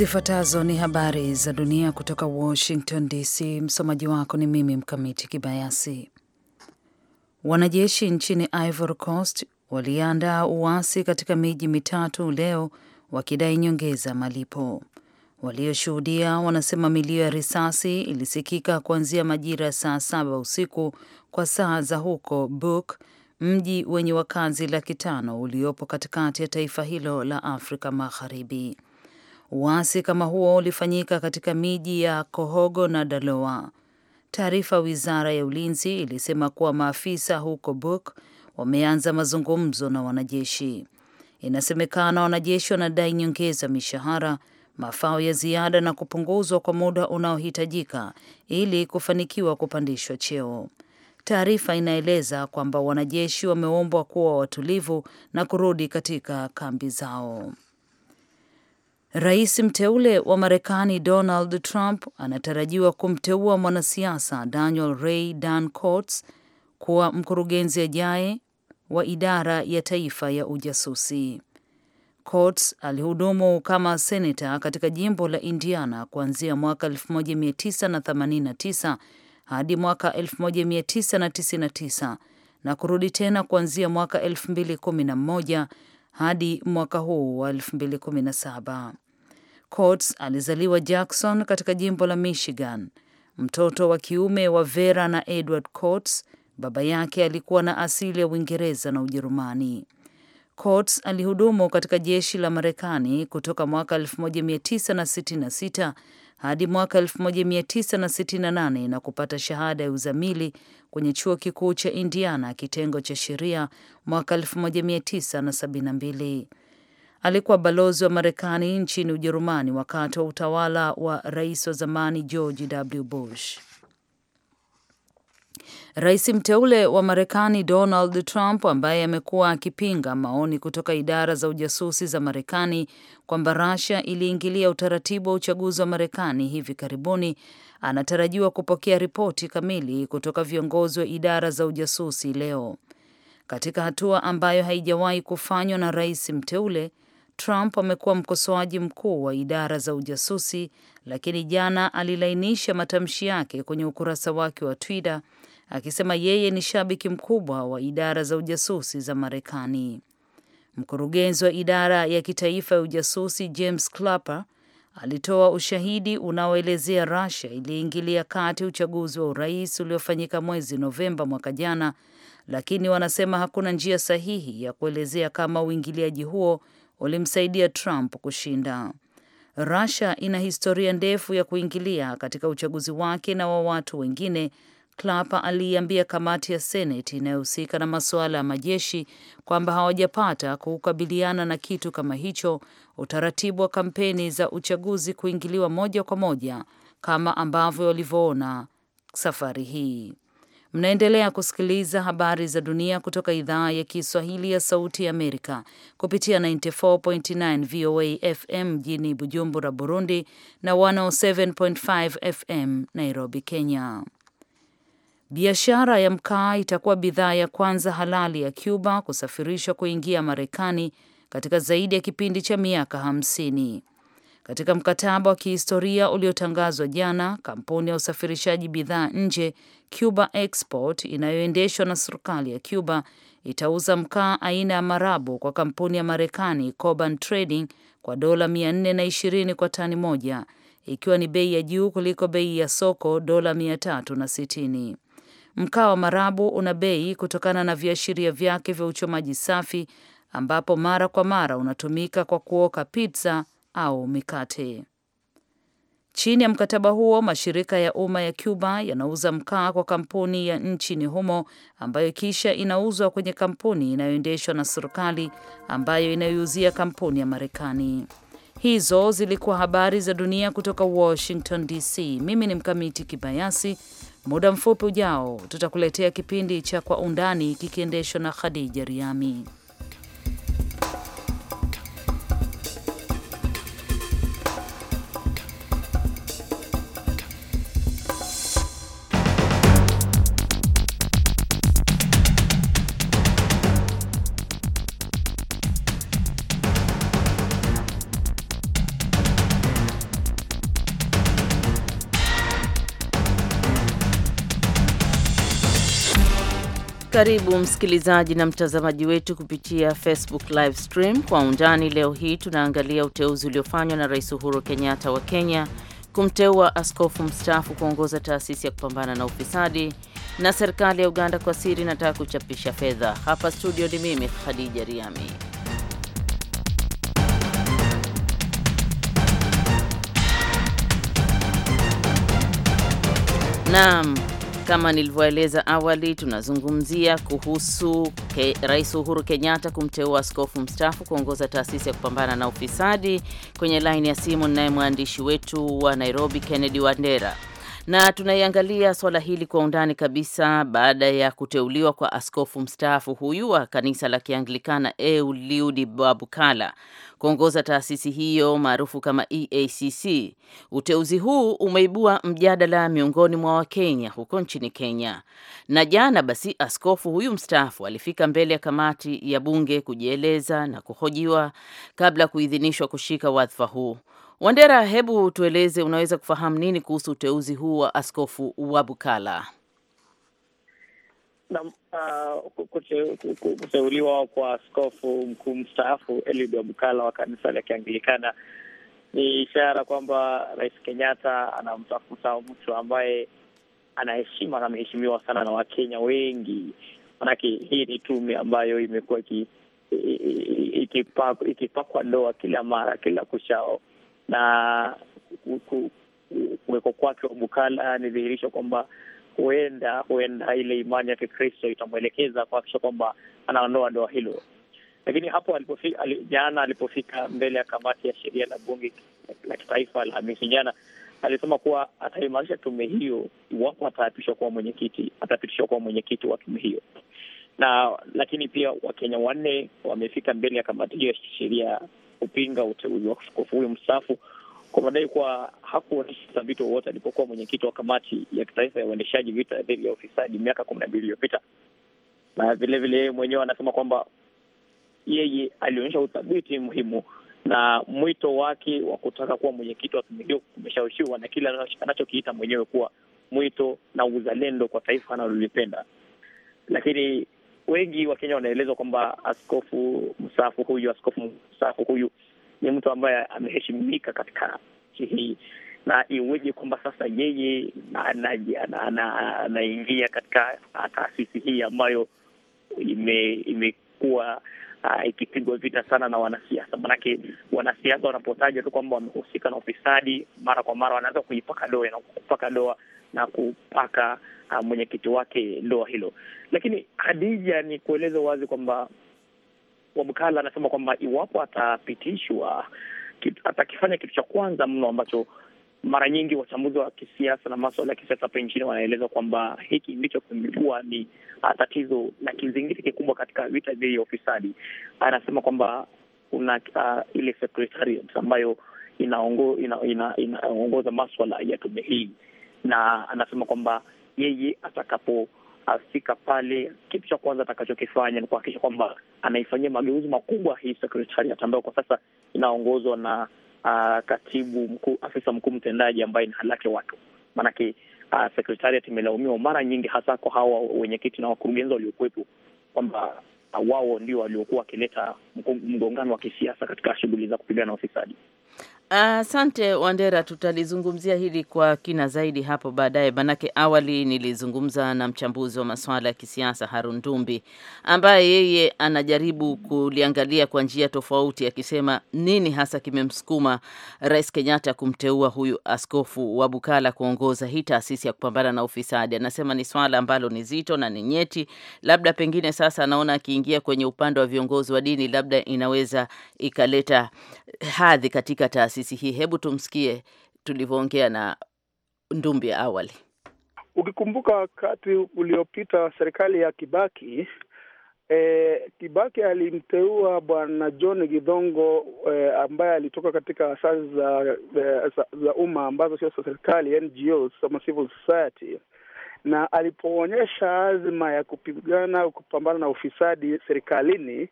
Zifuatazo ni habari za dunia kutoka Washington DC. Msomaji wako ni mimi Mkamiti Kibayasi. Wanajeshi nchini Ivory Coast waliandaa uasi katika miji mitatu leo wakidai nyongeza malipo. Walioshuhudia wanasema milio ya risasi ilisikika kuanzia majira ya saa saba usiku kwa saa za huko Buk, mji wenye wakazi laki tano uliopo katikati ya taifa hilo la Afrika Magharibi. Uasi kama huo ulifanyika katika miji ya Kohogo na Daloa. Taarifa wizara ya ulinzi ilisema kuwa maafisa huko Buk wameanza mazungumzo na wanajeshi. Inasemekana wanajeshi wanadai nyongeza mishahara, mafao ya ziada na kupunguzwa kwa muda unaohitajika ili kufanikiwa kupandishwa cheo. Taarifa inaeleza kwamba wanajeshi wameombwa kuwa watulivu na kurudi katika kambi zao. Rais mteule wa Marekani Donald Trump anatarajiwa kumteua mwanasiasa Daniel Ray Dancoats kuwa mkurugenzi ajaye wa idara ya taifa ya ujasusi. Coats alihudumu kama seneta katika jimbo la Indiana kuanzia mwaka 1989 hadi mwaka 1999 na kurudi tena kuanzia mwaka 2011 hadi mwaka huu wa 2017. Coates alizaliwa Jackson katika jimbo la Michigan, mtoto wa kiume wa Vera na Edward Coates. Baba yake alikuwa na asili ya Uingereza na Ujerumani. Coates alihudumu katika jeshi la Marekani kutoka mwaka 1966 hadi mwaka 1968 na kupata shahada ya uzamili kwenye chuo kikuu cha Indiana, kitengo cha sheria mwaka 1972. Alikuwa balozi wa Marekani nchini Ujerumani wakati wa utawala wa rais wa zamani George W. Bush. Rais mteule wa Marekani Donald Trump, ambaye amekuwa akipinga maoni kutoka idara za ujasusi za Marekani kwamba Russia iliingilia utaratibu wa uchaguzi wa Marekani hivi karibuni, anatarajiwa kupokea ripoti kamili kutoka viongozi wa idara za ujasusi leo, katika hatua ambayo haijawahi kufanywa na rais mteule. Trump amekuwa mkosoaji mkuu wa idara za ujasusi, lakini jana alilainisha matamshi yake kwenye ukurasa wake wa Twitter akisema yeye ni shabiki mkubwa wa idara za ujasusi za Marekani. Mkurugenzi wa idara ya kitaifa ya ujasusi James Clapper alitoa ushahidi unaoelezea Russia iliingilia kati uchaguzi wa urais uliofanyika mwezi Novemba mwaka jana, lakini wanasema hakuna njia sahihi ya kuelezea kama uingiliaji huo ulimsaidia Trump kushinda. Russia ina historia ndefu ya kuingilia katika uchaguzi wake na wa watu wengine, Clapper aliiambia kamati ya Seneti inayohusika na masuala ya majeshi kwamba hawajapata kukabiliana na kitu kama hicho, utaratibu wa kampeni za uchaguzi kuingiliwa moja kwa moja kama ambavyo walivyoona safari hii. Mnaendelea kusikiliza habari za dunia kutoka idhaa ya Kiswahili ya Sauti Amerika kupitia 94.9 VOA FM mjini Bujumbura, Burundi na 107.5 FM Nairobi, Kenya. Biashara ya mkaa itakuwa bidhaa ya kwanza halali ya Cuba kusafirishwa kuingia Marekani katika zaidi ya kipindi cha miaka hamsini. Katika mkataba wa kihistoria uliotangazwa jana, kampuni ya usafirishaji bidhaa nje Cuba Export inayoendeshwa na serikali ya Cuba itauza mkaa aina ya marabu kwa kampuni ya Marekani Coban Trading kwa dola 420 kwa tani moja, ikiwa ni bei ya juu kuliko bei ya soko dola 360. Mkaa wa marabu una bei kutokana na viashiria vyake vya uchomaji safi ambapo mara kwa mara unatumika kwa kuoka pizza, au mikate. Chini ya mkataba huo, mashirika ya umma ya Cuba yanauza mkaa kwa kampuni ya nchini humo ambayo kisha inauzwa kwenye kampuni inayoendeshwa na serikali ambayo inayouzia kampuni ya Marekani. Hizo zilikuwa habari za dunia kutoka Washington DC. Mimi ni Mkamiti Kibayasi. Muda mfupi ujao tutakuletea kipindi cha Kwa Undani kikiendeshwa na Khadija Riami. Karibu msikilizaji na mtazamaji wetu kupitia Facebook live stream kwa undani. Leo hii tunaangalia uteuzi uliofanywa na Rais Uhuru Kenyatta wa Kenya kumteua askofu mstaafu kuongoza taasisi ya kupambana na ufisadi, na serikali ya Uganda kwa siri inataka kuchapisha fedha. Hapa studio ni mimi Khadija Riami. Naam. Kama nilivyoeleza awali, tunazungumzia kuhusu ke, Rais Uhuru Kenyatta kumteua askofu mstaafu kuongoza taasisi ya kupambana na ufisadi. Kwenye laini ya simu ninaye mwandishi wetu wa Nairobi Kennedy Wandera na tunaiangalia swala hili kwa undani kabisa baada ya kuteuliwa kwa askofu mstaafu huyu wa kanisa la Kianglikana Euliudi babukala kuongoza taasisi hiyo maarufu kama EACC. Uteuzi huu umeibua mjadala miongoni mwa Wakenya huko nchini Kenya. Na jana basi, askofu huyu mstaafu alifika mbele ya kamati ya bunge kujieleza na kuhojiwa kabla ya kuidhinishwa kushika wadhifa huu. Wandera, hebu tueleze, unaweza kufahamu nini kuhusu uteuzi huu wa askofu wa Bukala? na uh, kuteuliwa kwa askofu mkuu mstaafu Eliud Wabukala wa kanisa la Kianglikana ni ishara kwamba Rais Kenyatta anamtafuta mtu ambaye anaheshima na ameheshimiwa sana na Wakenya wengi, manake hii ni tume ambayo imekuwa ikipakwa ndoa kila mara kila kushao, na kuwekwa kwake Wabukala ni dhihirisho kwamba huenda huenda ile imani ya Kikristo itamwelekeza kuhakikisha kwamba anaondoa doa hilo. Lakini hapo alipofi, al, jana alipofika mbele ya kamati ya sheria la bunge la kitaifa Alhamisi jana alisema kuwa ataimarisha tume hiyo iwapo ataapishwa kuwa mwenyekiti, atapitishwa kuwa mwenyekiti wa tume hiyo na lakini pia Wakenya wanne wamefika mbele ya kamati hiyo ya sheria kupinga uteuzi wa askofu huyo mstaafu kwa madai kuwa hakuonyesha uthabiti wowote alipokuwa mwenyekiti wa kamati ya kitaifa ya uendeshaji vita dhidi ya ufisadi miaka kumi na mbili iliyopita. Na vilevile yeye mwenyewe anasema kwamba yeye alionyesha uthabiti muhimu na mwito wake wa kutaka kuwa mwenyekiti wa tume hiyo umeshawishiwa na kile anachokiita mwenyewe kuwa mwito na uzalendo kwa taifa analolipenda. Lakini wengi wa Kenya wanaelezwa kwamba askofu mstaafu huyu askofu mstaafu huyu ni mtu ambaye ameheshimika katika nchi hii, na iweje kwamba sasa yeye anaingia katika ah, taasisi hii ambayo imekuwa ime ah, ikipigwa vita sana na wanasiasa. Maanake wanasiasa wanapotaja tu kwamba wamehusika na ufisadi, mara kwa mara wanaweza kuipaka doa na kupaka doa na kupaka uh, mwenyekiti wake doa hilo. Lakini Hadija, ni kueleza wazi kwamba Wabukala anasema kwamba iwapo atapitishwa, atakifanya kitu cha kwanza mno ambacho mara nyingi wachambuzi wa kisiasa na maswala ya kisiasa hapa nchini wanaeleza kwamba hiki ndicho kimekuwa ni ah, tatizo na kizingiti kikubwa katika vita dhidi ya ufisadi. Anasema kwamba kuna uh, ile secretariat ambayo inaongoza ina, ina, ina, maswala ya tume hii, na anasema kwamba yeye atakapo afika pale, kitu cha kwanza atakachokifanya ni kuhakikisha kwamba anaifanyia mageuzi makubwa hii sekretariat ambayo kwa sasa inaongozwa na uh, katibu mkuu, afisa mkuu mtendaji ambaye ni Halake Watu. Maanake uh, sekretariat imelaumiwa mara nyingi, hasa kwa hawa wenyekiti na wakurugenzi waliokuwepo kwamba wao ndio waliokuwa wakileta mgongano wa kisiasa katika shughuli za kupigana na ufisadi. Asante uh, Wandera, tutalizungumzia hili kwa kina zaidi hapo baadaye, manake awali nilizungumza na mchambuzi wa masuala ya kisiasa Harun Ndumbi ambaye yeye anajaribu kuliangalia kwa njia tofauti, akisema nini hasa kimemsukuma Rais Kenyatta kumteua huyu askofu wa Bukala kuongoza hii taasisi ya kupambana na ufisadi. Anasema ni swala ambalo ni zito na ni nyeti, labda pengine sasa anaona akiingia kwenye upande wa viongozi wa dini, labda inaweza ikaleta hadhi katika taasisi taasisi hii. Hebu tumsikie tulivyoongea na Ndumbi ya awali. Ukikumbuka wakati uliopita serikali ya Kibaki eh, Kibaki alimteua bwana John Gidhongo eh, ambaye alitoka katika asasi za, eh, za, za umma ambazo sio za serikali NGOs, ama civil society na alipoonyesha azma ya kupigana kupambana na ufisadi serikalini,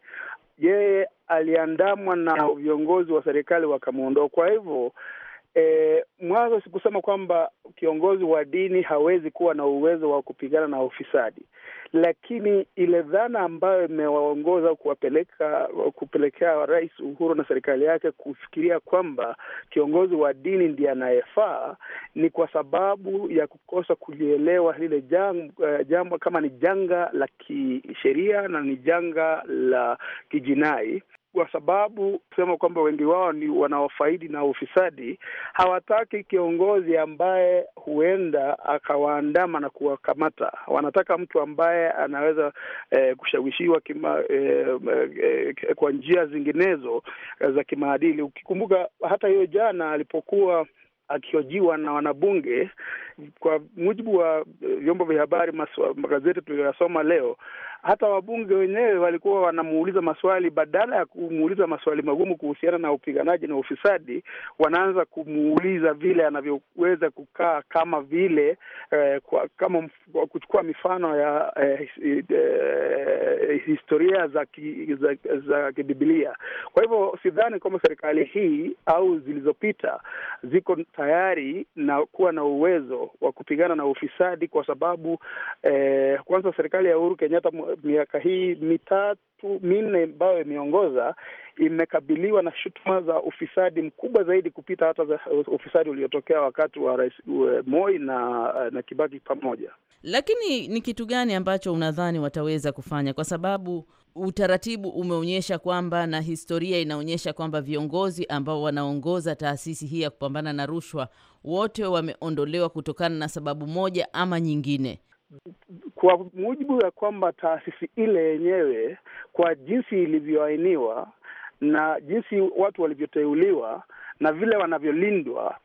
yeye aliandamwa na viongozi wa serikali wakamwondoa. Kwa hivyo E, mwanzo sikusema kwamba kiongozi wa dini hawezi kuwa na uwezo wa kupigana na ufisadi, lakini ile dhana ambayo imewaongoza kuwapeleka kupelekea Rais Uhuru na serikali yake kufikiria kwamba kiongozi wa dini ndiye anayefaa ni kwa sababu ya kukosa kulielewa lile e, jambo, kama ni janga la kisheria na ni janga la kijinai kwa sababu kusema kwamba wengi wao ni wanaofaidi na ufisadi. Hawataki kiongozi ambaye huenda akawaandama na kuwakamata. Wanataka mtu ambaye anaweza eh, kushawishiwa kima, eh, eh, kwa njia zinginezo eh, za kimaadili. Ukikumbuka hata hiyo jana alipokuwa akihojiwa na wanabunge kwa mujibu wa eh, vyombo vya habari, magazeti tuliyoyasoma leo, hata wabunge wenyewe walikuwa wanamuuliza maswali, badala ya kumuuliza maswali magumu kuhusiana na upiganaji na ufisadi, wanaanza kumuuliza vile anavyoweza kukaa kama vile eh, kwa, kama kwa kuchukua mifano ya eh, eh, eh, historia za, ki, za, za kibibilia. Kwa hivyo sidhani kwamba serikali hii au zilizopita ziko tayari na kuwa na uwezo wa kupigana na ufisadi, kwa sababu eh, kwanza serikali ya Uhuru Kenyatta miaka hii mitatu minne ambayo imeongoza imekabiliwa na shutuma za ufisadi mkubwa zaidi kupita hata za ufisadi uliotokea wakati wa Rais eh, Moi na, eh, na Kibaki pamoja. Lakini ni kitu gani ambacho unadhani wataweza kufanya, kwa sababu utaratibu umeonyesha kwamba na historia inaonyesha kwamba viongozi ambao wanaongoza taasisi hii ya kupambana na rushwa wote wameondolewa kutokana na sababu moja ama nyingine, kwa mujibu ya kwamba taasisi ile yenyewe kwa jinsi ilivyoainiwa na jinsi watu walivyoteuliwa na vile wanavyolindwa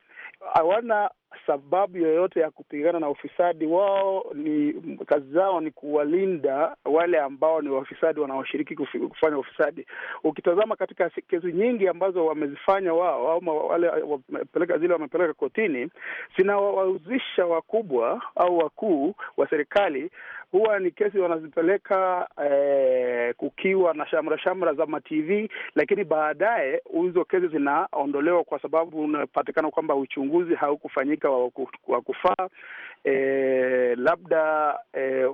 hawana sababu yoyote ya kupigana na ufisadi. Wao ni kazi zao ni kuwalinda wale ambao ni wafisadi wanaoshiriki kufanya ufisadi. Ukitazama katika kesi nyingi ambazo wamezifanya wao au wale wamepeleka zile wamepeleka kotini, zinawahusisha wakubwa au wakuu wa serikali huwa ni kesi wanazipeleka eh, kukiwa na shamra shamra za matv, lakini baadaye hizo kesi zinaondolewa kwa sababu unapatikana kwamba uchunguzi haukufanyika wa kufaa, eh, labda eh,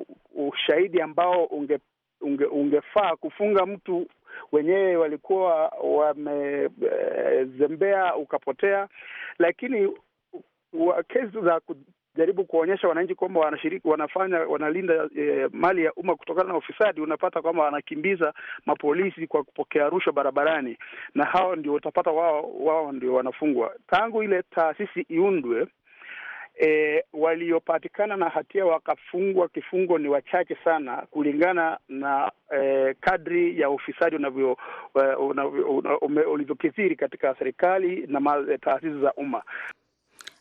ushahidi ambao unge, unge, ungefaa kufunga mtu wenyewe walikuwa wamezembea, ukapotea, lakini kesi za jaribu kuonyesha wananchi kwamba wanashiriki, wanafanya, wanalinda e, mali ya umma kutokana na ufisadi, unapata kwamba wanakimbiza mapolisi kwa kupokea rushwa barabarani, na hao ndio utapata wao, wao ndio wanafungwa. Tangu ile taasisi iundwe E, waliopatikana na hatia wakafungwa kifungo ni wachache sana, kulingana na e, kadri ya ufisadi e, ulivyokithiri katika serikali na e, taasisi za umma.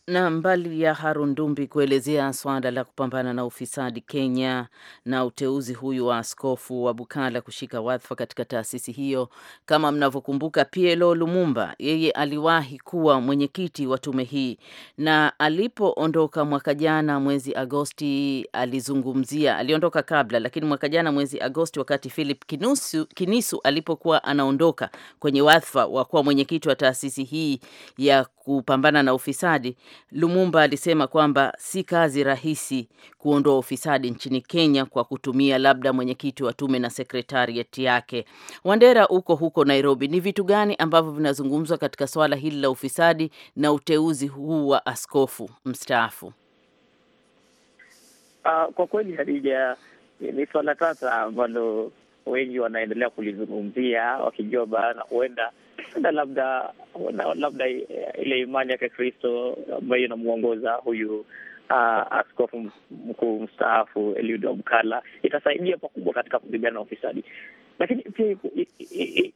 Na mbali ya Harun Dumbi kuelezea swala la kupambana na ufisadi Kenya na uteuzi huyu wa askofu wa Bukala kushika wadhifa katika taasisi hiyo, kama mnavyokumbuka, PLO Lumumba yeye aliwahi kuwa mwenyekiti wa tume hii, na alipoondoka mwaka jana mwezi Agosti alizungumzia, aliondoka kabla, lakini mwaka jana mwezi Agosti, wakati Philip Kinusu, Kinisu alipokuwa anaondoka kwenye wadhifa wa kuwa mwenyekiti wa taasisi hii ya kupambana na ufisadi Lumumba alisema kwamba si kazi rahisi kuondoa ufisadi nchini Kenya kwa kutumia labda mwenyekiti wa tume na sekretariat yake. Wandera, uko huko Nairobi, ni vitu gani ambavyo vinazungumzwa katika swala hili la ufisadi na uteuzi huu wa askofu mstaafu? Uh, kwa kweli Hadija, ni swala tata ambalo wengi wanaendelea kulizungumzia wakijua bana huenda na labda na, labda eh, ile imani ya Kikristo ambayo inamwongoza huyu uh, askofu mkuu mstaafu Eliud Wabukala itasaidia pakubwa katika kupigana na ufisadi, lakini pia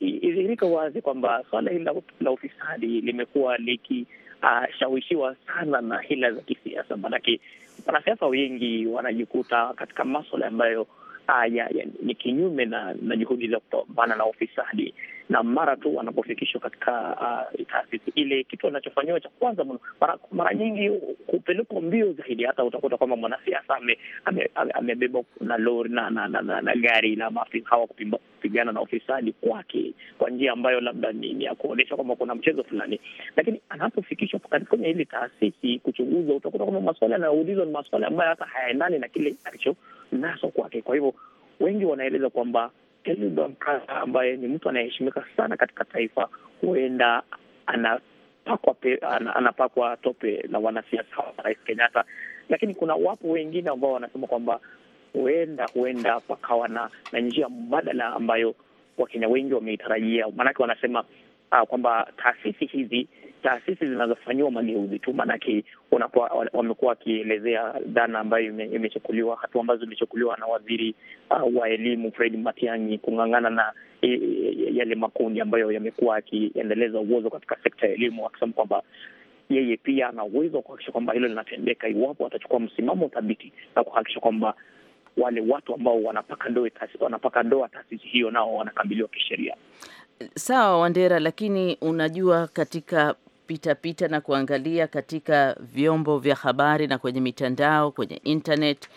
idhihirika wazi kwamba swala hili la ufisadi limekuwa likishawishiwa ah, uh, sana na hila za kisiasa, maanake wanasiasa wengi wanajikuta katika maswala ambayo uh, ya, ya, ni kinyume na, na juhudi za kupambana na ufisadi na mara tu wanapofikishwa katika uh, taasisi ile, kitu anachofanyiwa cha kwanza mara, mara nyingi kupelekwa mbio zaidi. Hata utakuta kwamba mwanasiasa amebebwa na lori na, na, na, na, na gari na maafisa hawa kupigana na ufisadi kwake kwa njia ambayo labda ni ya kuonyesha kwamba kuna mchezo fulani, lakini anapofikishwa kwenye ile taasisi kuchunguza, utakuta kwamba maswali anayoulizwa ni maswali ambayo hata hayaendani na kile alicho naso kwake. Kwa hivyo wengi wanaeleza kwamba Elizabeth Brother ambaye ni mtu anayeheshimika sana katika taifa, huenda anapakwa pe, anapakwa tope la wanasiasa wa Rais Kenyatta, lakini kuna wapo wengine ambao wanasema kwamba huenda huenda pakawa na, na njia mbadala ambayo Wakenya wengi wameitarajia. Maanake wanasema uh, kwamba taasisi hizi taasisi zinazofanyiwa mageuzi tu, maanake wamekuwa wakielezea dhana ambayo imechukuliwa, hatua ambazo imechukuliwa na waziri uh, wa elimu Fred Matiang'i kung'ang'ana na e, e, yale makundi ambayo yamekuwa yakiendeleza uozo katika sekta ya elimu, akisema kwamba yeye pia ana uwezo wa kuhakikisha kwamba hilo linatendeka iwapo atachukua msimamo thabiti na kuhakikisha kwamba wale watu ambao wanapaka ndoa taasisi, taasisi hiyo nao wanakabiliwa kisheria. Sawa Wandera, lakini unajua katika pita na kuangalia katika vyombo vya habari na kwenye mitandao, kwenye internet,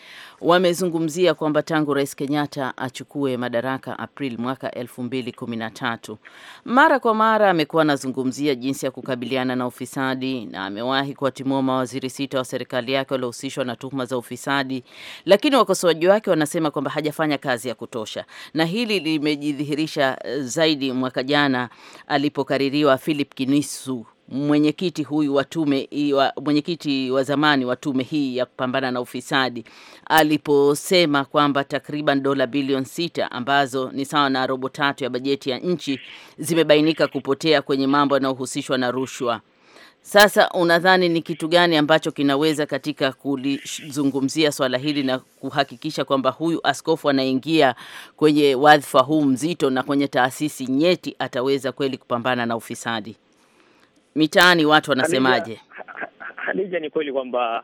wamezungumzia kwamba tangu Rais Kenyatta achukue madaraka April mwaka 2013 mara kwa mara amekuwa anazungumzia jinsi ya kukabiliana na ufisadi na amewahi kuwatimua mawaziri sita wa serikali yake waliohusishwa na tuhuma za ufisadi, lakini wakosoaji wake wanasema kwamba hajafanya kazi ya kutosha, na hili limejidhihirisha eh, zaidi mwaka jana alipokaririwa Philip Kinisu mwenyekiti huyu wa tume mwenyekiti wa zamani wa tume hii ya kupambana na ufisadi aliposema kwamba takriban dola bilioni sita ambazo ni sawa na robo tatu ya bajeti ya nchi zimebainika kupotea kwenye mambo yanayohusishwa na rushwa. Sasa unadhani ni kitu gani ambacho kinaweza katika kulizungumzia swala hili na kuhakikisha kwamba huyu askofu anaingia kwenye wadhifa huu mzito na kwenye taasisi nyeti ataweza kweli kupambana na ufisadi? mitaani watu wanasemaje? Hadija, ni kweli kwamba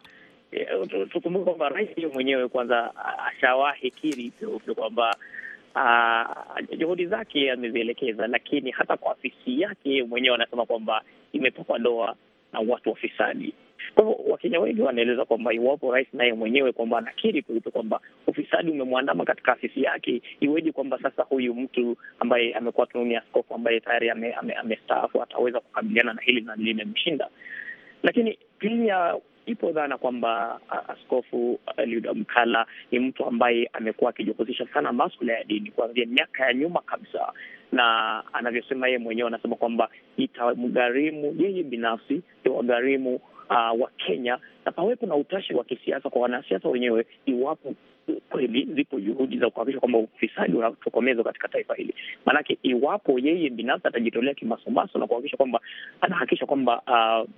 eh, tukumbuke kwamba rais mwenyewe kwanza ashawahi kiri kwamba Uh, juhudi zake amezielekeza, lakini hata kwa afisi yake mwenyewe anasema kwamba imepakwa doa na watu wafisadi. Kwa hivyo Wakenya wengi wanaeleza kwamba iwapo rais naye mwenyewe kwamba anakiri kuhusu kwamba ufisadi umemwandama katika afisi yake, iweje kwamba sasa huyu mtu ambaye amekuwa ni askofu ambaye tayari amestaafu ame, ataweza kukabiliana na hili na limemshinda. Lakini pia ipo dhana kwamba Askofu Luda Mkala ni mtu ambaye amekuwa akijihusisha sana maswala ya dini kuanzia miaka ya nyuma kabisa, na anavyosema yeye mwenyewe, anasema kwamba itamgharimu yeye binafsi, iwagharimu uh, wa Kenya na pawepo na utashi wa kisiasa kwa wanasiasa wenyewe, iwapo kweli zipo juhudi za kuhakikisha kwamba ufisadi unatokomezwa katika taifa hili. Maanake iwapo yeye binafsi atajitolea kimasomaso na kuhakikisha kwamba anahakikisha kwamba uh,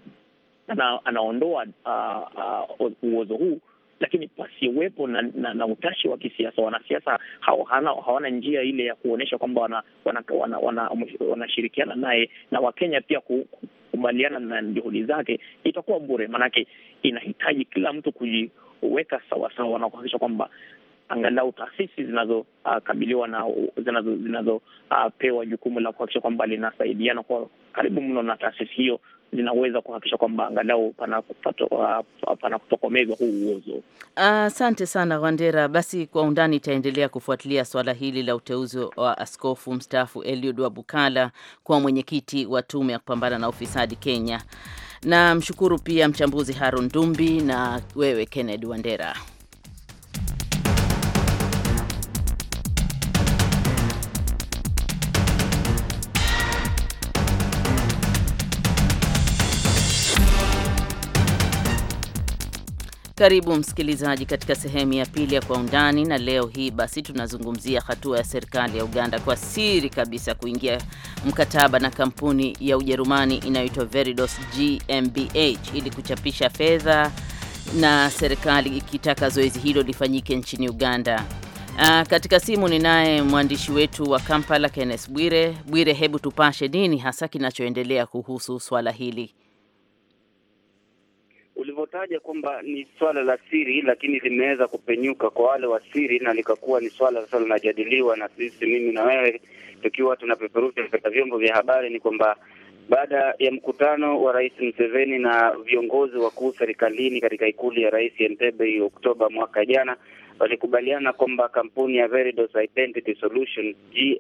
ana, anaondoa uh, uh, uozo huu lakini pasiwepo na, na, na utashi wa kisiasa. Wanasiasa hawana, hawana njia ile ya kuonyesha kwamba wanashirikiana wana, wana, wana naye na Wakenya pia ku, kubaliana na juhudi zake itakuwa bure, maanake inahitaji kila mtu kujiweka sawasawa na kuhakikisha kwamba angalau taasisi zinazokabiliwa ah, uh, na zinazopewa zinazo, uh, jukumu la kuhakikisha kwamba linasaidiana kwa karibu mno na taasisi hiyo zinaweza kuhakikisha kwamba angalau uh, pana kutokomezwa huu uozo. Asante sana Wandera. Basi kwa undani itaendelea kufuatilia swala hili la uteuzi wa askofu mstaafu Eliud Wabukala kwa mwenyekiti wa tume ya kupambana na ufisadi Kenya. Namshukuru pia mchambuzi Harun Dumbi na wewe Kennedy Wandera. Karibu msikilizaji katika sehemu ya pili ya kwa undani, na leo hii basi tunazungumzia hatua ya serikali ya Uganda kwa siri kabisa kuingia mkataba na kampuni ya Ujerumani inayoitwa Veridos GmbH ili kuchapisha fedha na serikali ikitaka zoezi hilo lifanyike nchini Uganda. Aa, ah, katika simu ninaye mwandishi wetu wa Kampala Kenneth Bwire. Bwire, hebu tupashe nini hasa kinachoendelea kuhusu swala hili? ulivyotaja kwamba ni swala la siri, lakini limeweza kupenyuka kwa wale wa siri na likakuwa ni swala sasa linajadiliwa na sisi, mimi na wewe, tukiwa tunapeperusha katika vyombo vya habari, ni kwamba baada ya mkutano wa Rais mseveni na viongozi wakuu serikalini katika ikulu ya Rais Entebbe Oktoba mwaka jana, walikubaliana kwamba kampuni ya Veridos Identity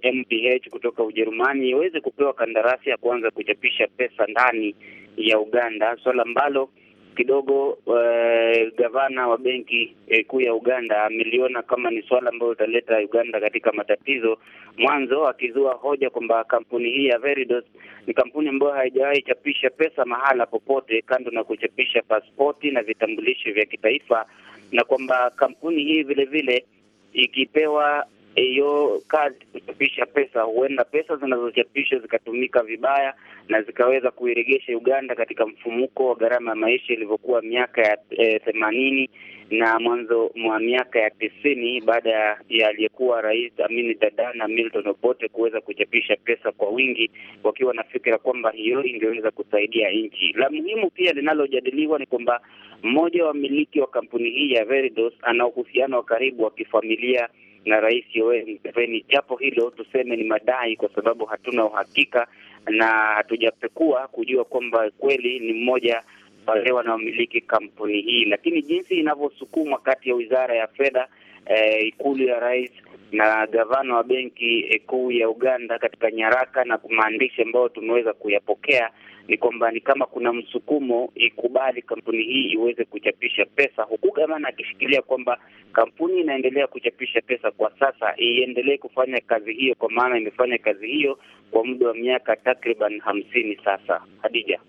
GmbH e kutoka Ujerumani iweze kupewa kandarasi ya kuanza kuchapisha pesa ndani ya Uganda, swala ambalo kidogo uh, gavana wa benki eh, kuu ya Uganda ameliona kama ni swala ambayo italeta Uganda katika matatizo. Mwanzo akizua hoja kwamba kampuni hii ya Veridos ni kampuni ambayo haijawahi chapisha pesa mahala popote, kando na kuchapisha pasipoti na vitambulisho vya kitaifa, na kwamba kampuni hii vile vile ikipewa hiyo eh, kazi kuchapisha pesa, huenda pesa zinazochapishwa zikatumika vibaya na zikaweza kuiregesha Uganda katika mfumuko wa gharama ya maisha ilivyokuwa miaka ya eh, themanini na mwanzo mwa miaka ya tisini baada ya aliyekuwa rais Amini Dada na Milton Obote kuweza kuchapisha pesa kwa wingi, wakiwa na fikira kwamba hiyo ingeweza kusaidia nchi. La muhimu pia linalojadiliwa ni kwamba mmoja wa wamiliki wa kampuni hii ya Veridos ana uhusiano wa karibu wa kifamilia na Rais Yoweri Museveni. Japo hilo tuseme ni madai, kwa sababu hatuna uhakika na hatujapekua kujua kwamba kweli ni mmoja wale wanaomiliki kampuni hii, lakini jinsi inavyosukumwa kati ya wizara ya fedha eh, ikulu ya rais na gavana wa benki kuu ya Uganda katika nyaraka na maandishi ambayo tumeweza kuyapokea ni kwamba ni kama kuna msukumo ikubali kampuni hii iweze kuchapisha pesa, huku gavana akishikilia kwamba kampuni inaendelea kuchapisha pesa kwa sasa, iendelee kufanya kazi hiyo, kwa maana imefanya kazi hiyo kwa muda wa miaka takriban hamsini sasa. Hadija.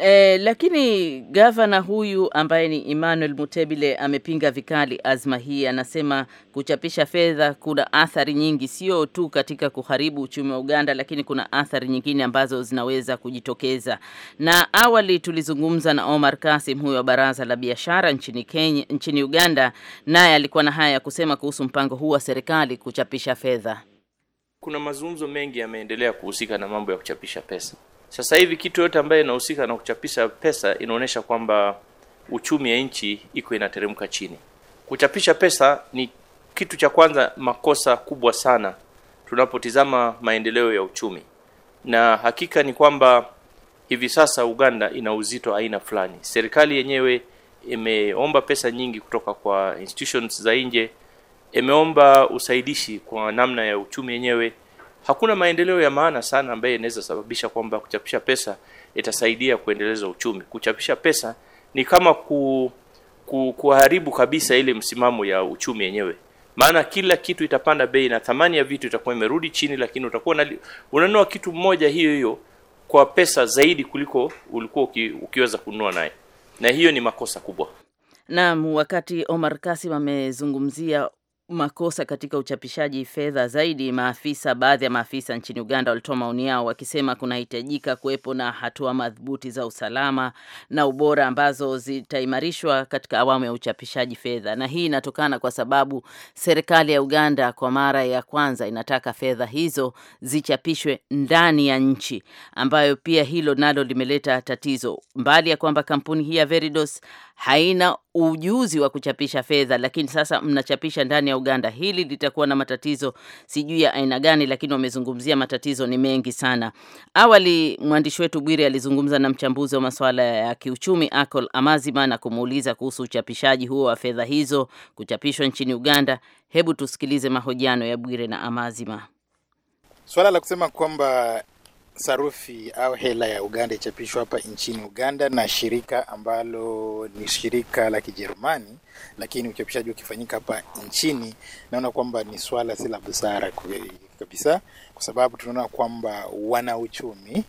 Eh, lakini gavana huyu ambaye ni Emmanuel Mutebile amepinga vikali azma hii, anasema kuchapisha fedha kuna athari nyingi, sio tu katika kuharibu uchumi wa Uganda, lakini kuna athari nyingine ambazo zinaweza kujitokeza. Na awali tulizungumza na Omar Kasim, huyo wa baraza la biashara nchini Kenya, nchini Uganda, naye alikuwa na haya ya kusema kuhusu mpango huu wa serikali kuchapisha fedha. Kuna mazungumzo mengi yameendelea kuhusika na mambo ya kuchapisha pesa. Sasa hivi kitu yote ambaye inahusika na kuchapisha pesa inaonyesha kwamba uchumi ya nchi iko inateremka chini. Kuchapisha pesa ni kitu cha kwanza, makosa kubwa sana tunapotizama maendeleo ya uchumi, na hakika ni kwamba hivi sasa Uganda ina uzito aina fulani. Serikali yenyewe imeomba pesa nyingi kutoka kwa institutions za nje, imeomba usaidishi kwa namna ya uchumi yenyewe. Hakuna maendeleo ya maana sana ambayo inaweza sababisha kwamba kuchapisha pesa itasaidia kuendeleza uchumi. Kuchapisha pesa ni kama ku, ku, kuharibu kabisa ile msimamo ya uchumi yenyewe, maana kila kitu itapanda bei na thamani ya vitu itakuwa imerudi chini, lakini utakuwa unanunua kitu mmoja hiyo hiyo kwa pesa zaidi kuliko ulikuwa uki, ukiweza kununua naye, na hiyo ni makosa kubwa. Naam, wakati Omar Kasim amezungumzia makosa katika uchapishaji fedha zaidi. Maafisa, baadhi ya maafisa nchini Uganda walitoa maoni yao wakisema kunahitajika kuwepo na hatua madhubuti za usalama na ubora ambazo zitaimarishwa katika awamu ya uchapishaji fedha, na hii inatokana kwa sababu serikali ya Uganda kwa mara ya kwanza inataka fedha hizo zichapishwe ndani ya nchi, ambayo pia hilo nalo limeleta tatizo, mbali ya kwamba kampuni hii ya Veridos haina ujuzi wa kuchapisha fedha, lakini sasa mnachapisha ndani ya Uganda. Hili litakuwa na matatizo sijui ya aina gani, lakini wamezungumzia matatizo ni mengi sana. Awali mwandishi wetu Bwire alizungumza na mchambuzi wa masuala ya kiuchumi Akol Amazima na kumuuliza kuhusu uchapishaji huo wa fedha hizo kuchapishwa nchini Uganda. Hebu tusikilize mahojiano ya Bwire na Amazima. Swala la kusema kwamba sarufi au hela ya Uganda ichapishwa hapa nchini Uganda na shirika ambalo ni shirika la Kijerumani lakini uchapishaji ukifanyika hapa nchini, naona kwamba ni swala si la busara kabisa, kwa sababu tunaona kwamba wana uchumi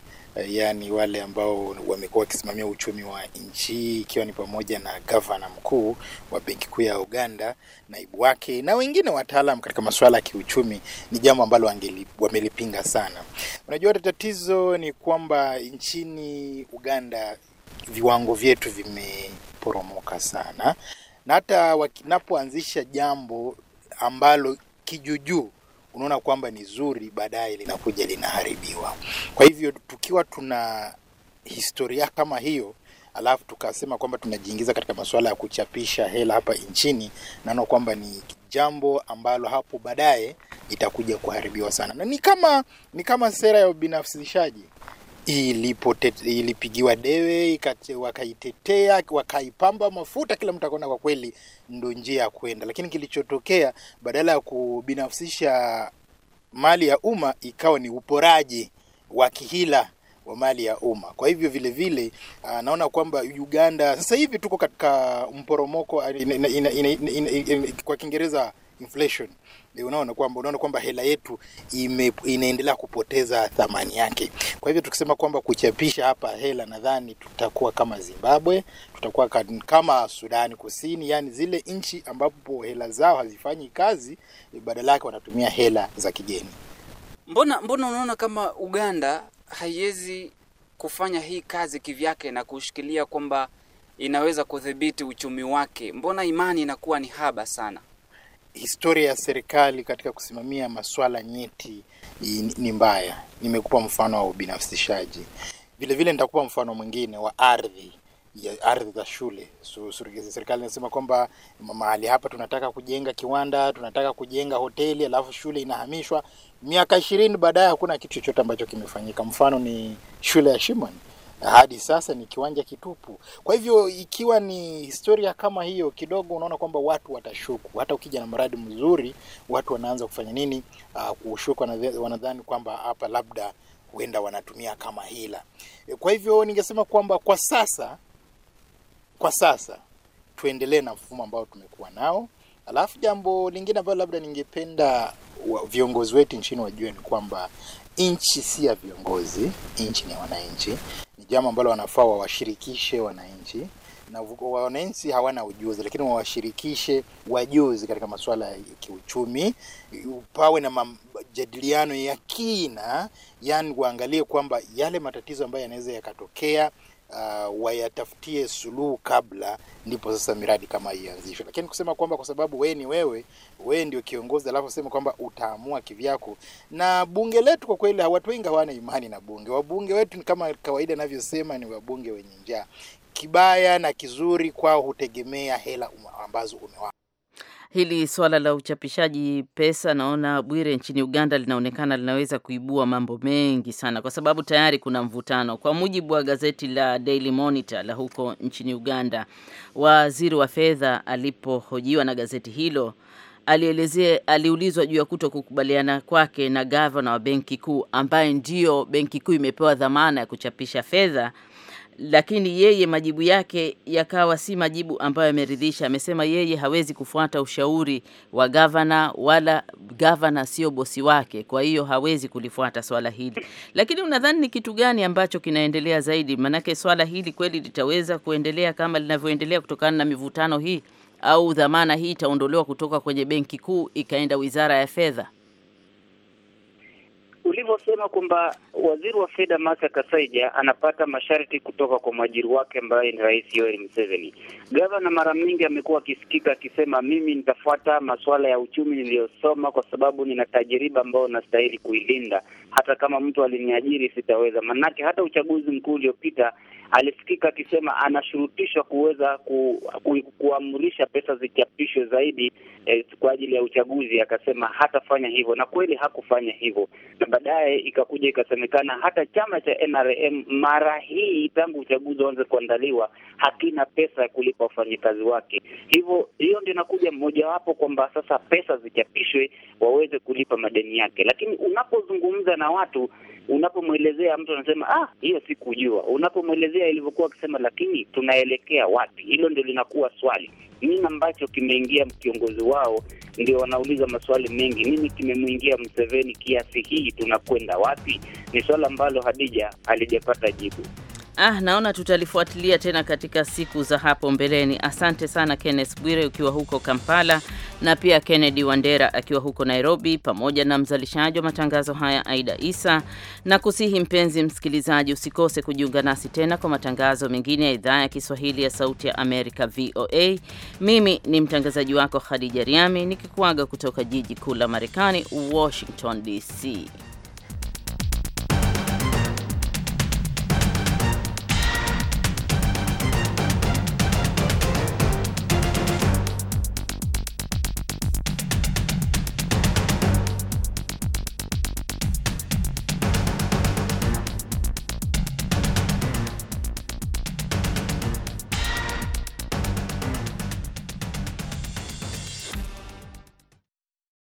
yaani wale ambao wamekuwa wakisimamia uchumi wa nchi ikiwa ni pamoja na gavana mkuu wa benki kuu ya Uganda, naibu wake na wengine wataalam katika masuala ya kiuchumi, ni jambo ambalo wamelipinga sana. Unajua, tatizo ni kwamba nchini Uganda viwango vyetu vimeporomoka sana na hata wakinapoanzisha jambo ambalo kijujuu unaona kwamba ni zuri, baadaye linakuja linaharibiwa. Kwa hivyo tukiwa tuna historia kama hiyo alafu tukasema kwamba tunajiingiza katika masuala ya kuchapisha hela hapa nchini, naona kwamba ni jambo ambalo hapo baadaye itakuja kuharibiwa sana, na ni kama ni kama sera ya ubinafsishaji ilipigiwa dewe, wakaitetea, wakaipamba mafuta, kila mtu akaona kwa kweli ndo njia ya kwenda. Lakini kilichotokea badala ya kubinafsisha mali ya umma ikawa ni uporaji wa kihila wa mali ya umma. Kwa hivyo vile vile ah, naona kwamba Uganda sasa hivi tuko katika mporomoko ah, kwa Kiingereza inflation unaona kwamba unaona kwamba hela yetu ime, inaendelea kupoteza thamani yake. Kwa hivyo tukisema kwamba kuchapisha hapa hela, nadhani tutakuwa kama Zimbabwe, tutakuwa kama Sudani Kusini, yani zile nchi ambapo hela zao hazifanyi kazi, badala yake wanatumia hela za kigeni. Mbona mbona unaona kama Uganda haiwezi kufanya hii kazi kivyake na kushikilia kwamba inaweza kudhibiti uchumi wake? Mbona imani inakuwa ni haba sana? historia ya serikali katika kusimamia masuala nyeti ni mbaya. Nimekupa mfano wa ubinafsishaji, vilevile nitakupa mfano mwingine wa ardhi ya ardhi za shule. Serikali inasema kwamba mahali hapa tunataka kujenga kiwanda, tunataka kujenga hoteli, alafu shule inahamishwa. Miaka ishirini baadaye hakuna kitu chochote ambacho kimefanyika. Mfano ni shule ya Shimoni na hadi sasa ni kiwanja kitupu. Kwa hivyo ikiwa ni historia kama hiyo, kidogo unaona kwamba watu watashuku. Hata ukija na mradi mzuri, watu wanaanza kufanya nini? Uh, kushuku, wanadhani kwamba hapa labda huenda wanatumia kama hila. Kwa hivyo ningesema kwamba kwa sasa, kwa sasa tuendelee na mfumo ambao tumekuwa nao. Alafu jambo lingine ambalo labda ningependa viongozi wetu nchini wajue ni kwamba nchi si ya viongozi, nchi ni ya wananchi jambo ambalo wanafaa wawashirikishe wananchi na wananchi hawana ujuzi, lakini wawashirikishe wajuzi katika masuala ya kiuchumi. Pawe na majadiliano ya kina, yani waangalie kwamba yale matatizo ambayo yanaweza yakatokea uh, wayatafutie suluhu kabla, ndipo sasa miradi kama hii ianzishwe. Lakini kusema kwamba kwa sababu wewe ni wewe, wewe ndio kiongozi, alafu sema kwamba utaamua kivyako. Na bunge letu kwa kweli, watu wengi hawana imani na bunge. Wabunge wetu kama kawaida navyosema, ni wabunge wenye njaa. Kibaya na kizuri kwao hutegemea hela ambazo umewapa hili swala la uchapishaji pesa, naona Bwire, nchini Uganda linaonekana linaweza kuibua mambo mengi sana, kwa sababu tayari kuna mvutano. Kwa mujibu wa gazeti la Daily Monitor la huko nchini Uganda, waziri wa fedha alipohojiwa na gazeti hilo alielezea aliulizwa juu ya kuto kukubaliana kwake na gavana wa benki kuu ambaye ndio benki kuu imepewa dhamana ya kuchapisha fedha lakini yeye majibu yake yakawa si majibu ambayo yameridhisha. Amesema yeye hawezi kufuata ushauri wa gavana, wala gavana sio bosi wake, kwa hiyo hawezi kulifuata swala hili. Lakini unadhani ni kitu gani ambacho kinaendelea zaidi? Maanake swala hili kweli litaweza kuendelea kama linavyoendelea kutokana na mivutano hii, au dhamana hii itaondolewa kutoka kwenye benki kuu ikaenda wizara ya fedha? ulivyosema kwamba waziri wa fedha Masa Kasaija anapata masharti kutoka kwa mwajiri wake ambaye ni Rais Yoweri Museveni. Gavana mara mingi amekuwa akisikika akisema, mimi nitafuata masuala ya uchumi niliyosoma, kwa sababu nina tajiriba ambayo nastahili kuilinda. Hata kama mtu aliniajiri sitaweza, manake hata uchaguzi mkuu uliopita alisikika akisema anashurutishwa kuweza ku, ku, kuamrisha pesa zichapishwe zaidi eh, kwa ajili ya uchaguzi. Akasema hatafanya hivyo, na kweli hakufanya hivyo, na baadaye ikakuja ikasemekana hata chama cha NRM mara hii tangu uchaguzi waanze kuandaliwa hakina pesa ya kulipa wafanyikazi wake. Hivyo hiyo ndio inakuja mmojawapo kwamba sasa pesa zichapishwe waweze kulipa madeni yake, lakini unapozungumza na watu, unapomwelezea mtu anasema ah, hiyo sikujua, unapomwelezea kuelezea ilivyokuwa akisema, lakini tunaelekea wapi? Hilo ndio linakuwa swali. Nini ambacho kimeingia kiongozi wao? Ndio wanauliza maswali mengi. Nini kimemwingia Mseveni kiasi hii? Tunakwenda wapi? Ni swala ambalo Hadija alijapata jibu. Ah, naona tutalifuatilia tena katika siku za hapo mbeleni. Asante sana Kenneth Bwire ukiwa huko Kampala, na pia Kennedy Wandera akiwa huko Nairobi, pamoja na mzalishaji wa matangazo haya Aida Isa, na kusihi mpenzi msikilizaji usikose kujiunga nasi tena kwa matangazo mengine ya idhaa ya Kiswahili ya Sauti ya Amerika, VOA. Mimi ni mtangazaji wako Khadija Riami nikikuaga kutoka jiji kuu la Marekani, Washington DC.